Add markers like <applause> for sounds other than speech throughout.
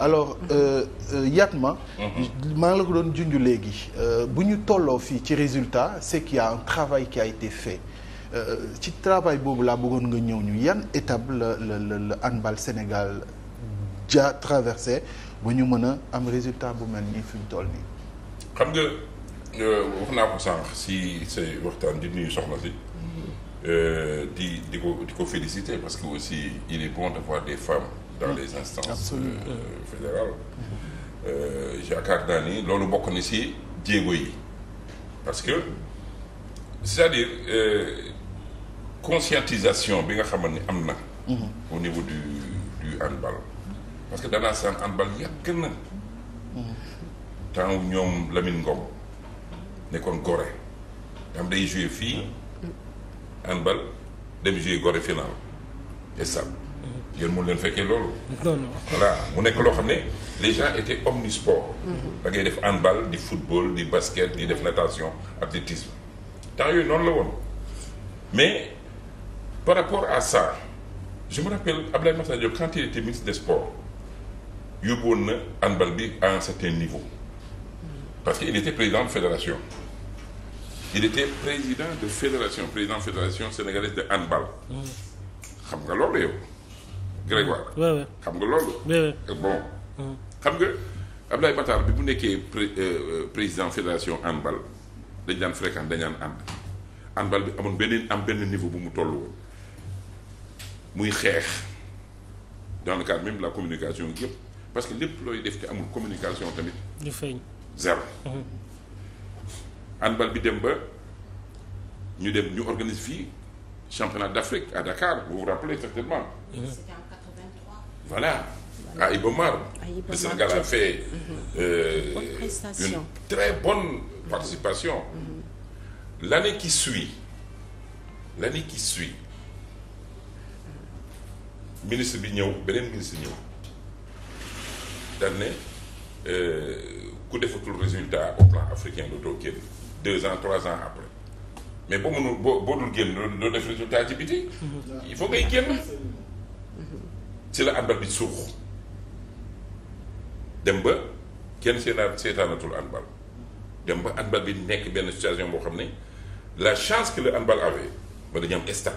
alors euh, euh, Yatma. Mhm. maa ngi la ko doon junju léegi euh, bu ñu tolloo fii ci résultat c'est qu'il y a un travail qui a été fait ci travail boobu laa bëggoon nga ñëw ñu yan étape la la la la handball Sénégal ja traversé ba ñu mën a am résultat bu mel nii fi ñu toll nii. xam nga wax naa ko sànq si say waxtaan di nuyu soxna si. Euh, di di ko féliciter parce que aussi il est bon d'avoir des femmes dans les instances euh, fédérales yaakaar naa ni loolu bokk na ci jéego yi parce que c'est-à-dire euh, conscientisation bi nga xamoon ni am na mhm. au niveau du du handball parce que danaa saan handball yàgg na mhm. temps ñoom Lamine Ngom nekkoon Gorée dam jouer fii mhm. handball dem jouer Gorée final stade yéen mun leen fekkee loolu voilà mu nekk loo xam ne les gens étaient omnisports da ngay def handball di football di basket di def natation athlétisme temps yooyu noonu la woon mais par rapport à ça je me rappelle Abdoulaye Makhtar Diop quand il était ministre des sports yóbbu woon na handball bi à un certain niveau parce que il était président fédération il était président de fédération président fédération sénégalaise de handball. xam nga loolu yow. Grégoire. xam nga loolu. Euh, bon. Mm. xam nga Abdoulaye Matar bi mu nekkee euh, euh, président fédération handball dañ daan fréquent dañ daan ànd. handball bi amoon beneen am benn niveau bu mu toll woon muy xeex dans le cadre même la communication yëpp parce que lépp looy def te amul communication tamit. du feeñ handball bi dem ba ñu dem ñu organise fii championnat d'Afrique à Dakar vous vous rappelez certainement. voilà. à Iba Mar. le Sénégal a fait. Mm-hmm. Euh, une très bonne mm-hmm. participation. Mm-hmm. l'année qui suit l'année qui suit ministre bi ñëw beneen ministre ñëw daan ne euh, ku defatul résultat au plan africain de doo deux ans trois ans après mais boo mënul boo boo dul génn doo def résultat ci biti mm-hmm. il faut génn ci la àndal bi suux dem ba kenn seetaan seetaanatul handball dem ba handball bi nekk benn situation boo xam ne la chance que le handball avait ba dañu am stade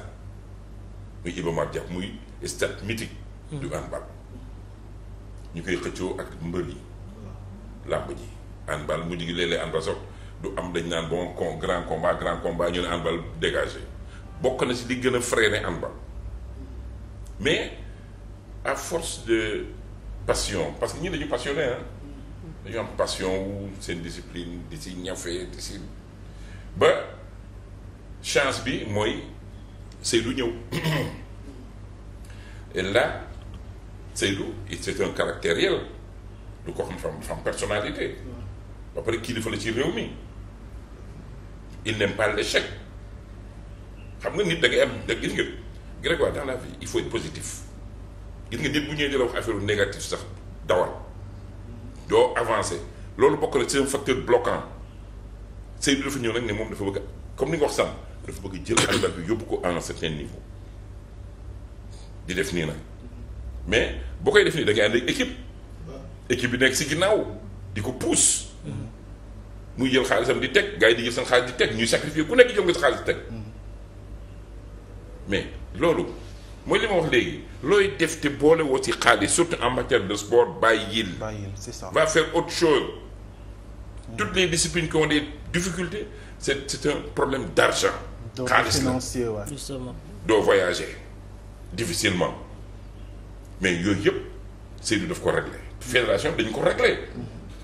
muy Iba Mar muy stade mythique du handball mm-hmm. ñu koy xëccoo ak mbër yi làmb ji handball mu jigi léeg-léeg handball sax du am dañ naan bon con grand combat grand combat ñu ne handball dégagé bokk na si li gën a freiné handball mais à force de passion parce que ñii dañu passionné ah dañu am passion wu seen discipline di ci ñafe di ci ba chance bi mooy Seydou ñëw <coughs> et là Seydou it c'est un caractère yel du ko xam fam fam personnalité ba pare kilifa la ci réew mi il n'aime pas l'échec xam nga nit da am da gis nga Grégoire dans la vie il faut être positif gis nga nit bu ñëwee di wax affaire négatif sax dawal doo avancer loolu bokk na c'est un facteur bloquant Seydou dafa ñëw nag ne moom dafa bëgg comme ni nga wax sànq dafa bëgg jël alal bi yóbbu ko à un certain niveau di def nii nag mais boo koy def nii da ngay ànd ak équipe bi nekk si ginnaaw di ko pousse. Mm-hmm. muy jël xaalisam di teg gars yi di jël seen xaalis di teg ñuy sacrifier ku nekk jël nga sa xaalis di teg mais loolu mooy li ma wax léegi looy def te boole woo si xaalis surtout en matière de sport bàyyil. bàyyil c'est ça va faire autre chose. toutes les disciplines qui ont des difficultés c'est c'est un problème d'argent. xaalis la doo voyager difficilement mais yooyu yëpp Seydou daf ko régler fédération dañ ko régler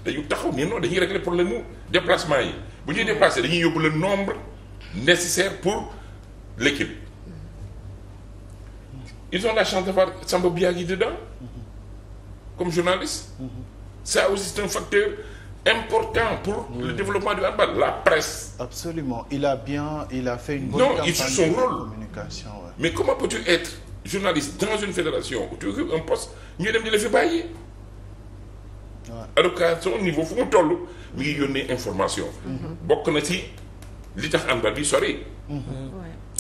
dañu taxaw ni non dañuy régler problème mu déplacement yi bu ñuy déplacer dañuy yóbbu le nombre nécessaire pour l'équipe ils ont la chance d'avoir Samba Biagui dedans comme journaliste ça aussi c'est un facteur important pour le développement du handball la presse absolument il a bien il a fait une bonne non, il son rôle. de communication ouais. mais comment peux-tu être journaliste dans une fédération où tu occupes un poste ñu dem di la éducation niveau fu mu toll mi ngi yónnee information mhm. bokk na ci li tax àndal bi sori mhm.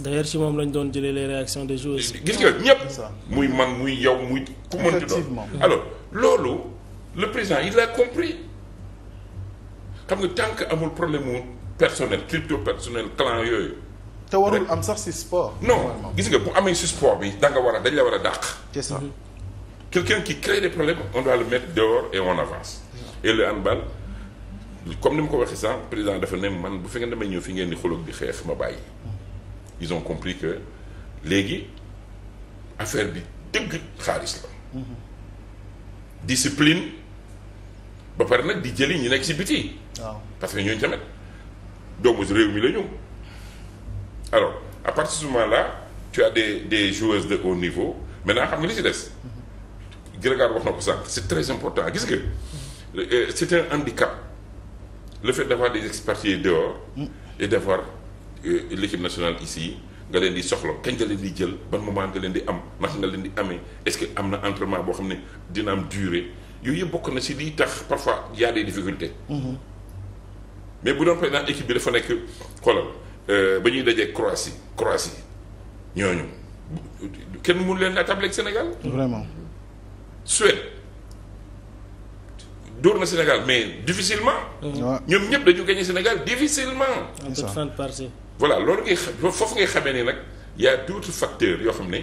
d'ailleurs ci moom lañ doon jëlee les réactions des joueurs gis nga ñépp muy man muy yow muy ku mënti doon mhm. alors loolu le président il a compris xam nga tant amul problème mu personnel crypto personnel clan yooyu te warul am sax ci sport non gis nga bu amee ci bi da war a dañ la war a dàq c'est ça quelqu'un qui crée des problèmes on doit le mettre dehors et on avance et le handball comme ni mu ko waxee sànq président dafa ne man bu fekkee damay ñëw fi ngeen di xoloog di xeex ma bàyyi ils ont compris que léegi affaire bi dëgg xaalis la discipline ba pare nag di jëli ñu nekk ci biti waaw parce que ñooñu tamit doomu réew mi la ñu alors à partir de ce moment tu as des des joueuses de haut niveau maintenant xam nga li ci des Grégoire wax na ko sànq c'est très important gis nga euh, c'est un handicap le fait d'avoir des expatriés dehors et d'avoir euh, l'équipe nationale ici nga leen di soxla kañ nga leen di jël ban moment nga leen di am naka nga leen di amee est-ce que am na entraînement boo xam ne dina am durée yooyu yëpp bokk na si liy tax parfois y a des difficultés mm-hmm. mais bu doon par exemple équipe bi dafa nekk xoolal euh, ba ñuy dajee Croatie Croatie ñooñu kenn mënu leen atableeg Sénégal Suède door na Sénégal mais difficilement. ñoom ñëpp dañu gagné Sénégal difficilement. en toute fin voilà loolu ngay xa foofu ngay xamee ne nag y a d'autres yoo xam ne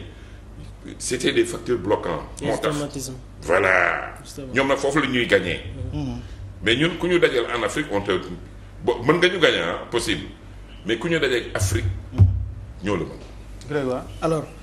c'était des facteurs bloquants. moo tax voilà. ñoom nag foofu la ñuy gagné. Mm-hmm. mais ñun ku ñu dajal en Afrique on te bo mën nga ñu gagné possible mais ku ñu dajal Afrique mm-hmm. ñoo la mën. alors.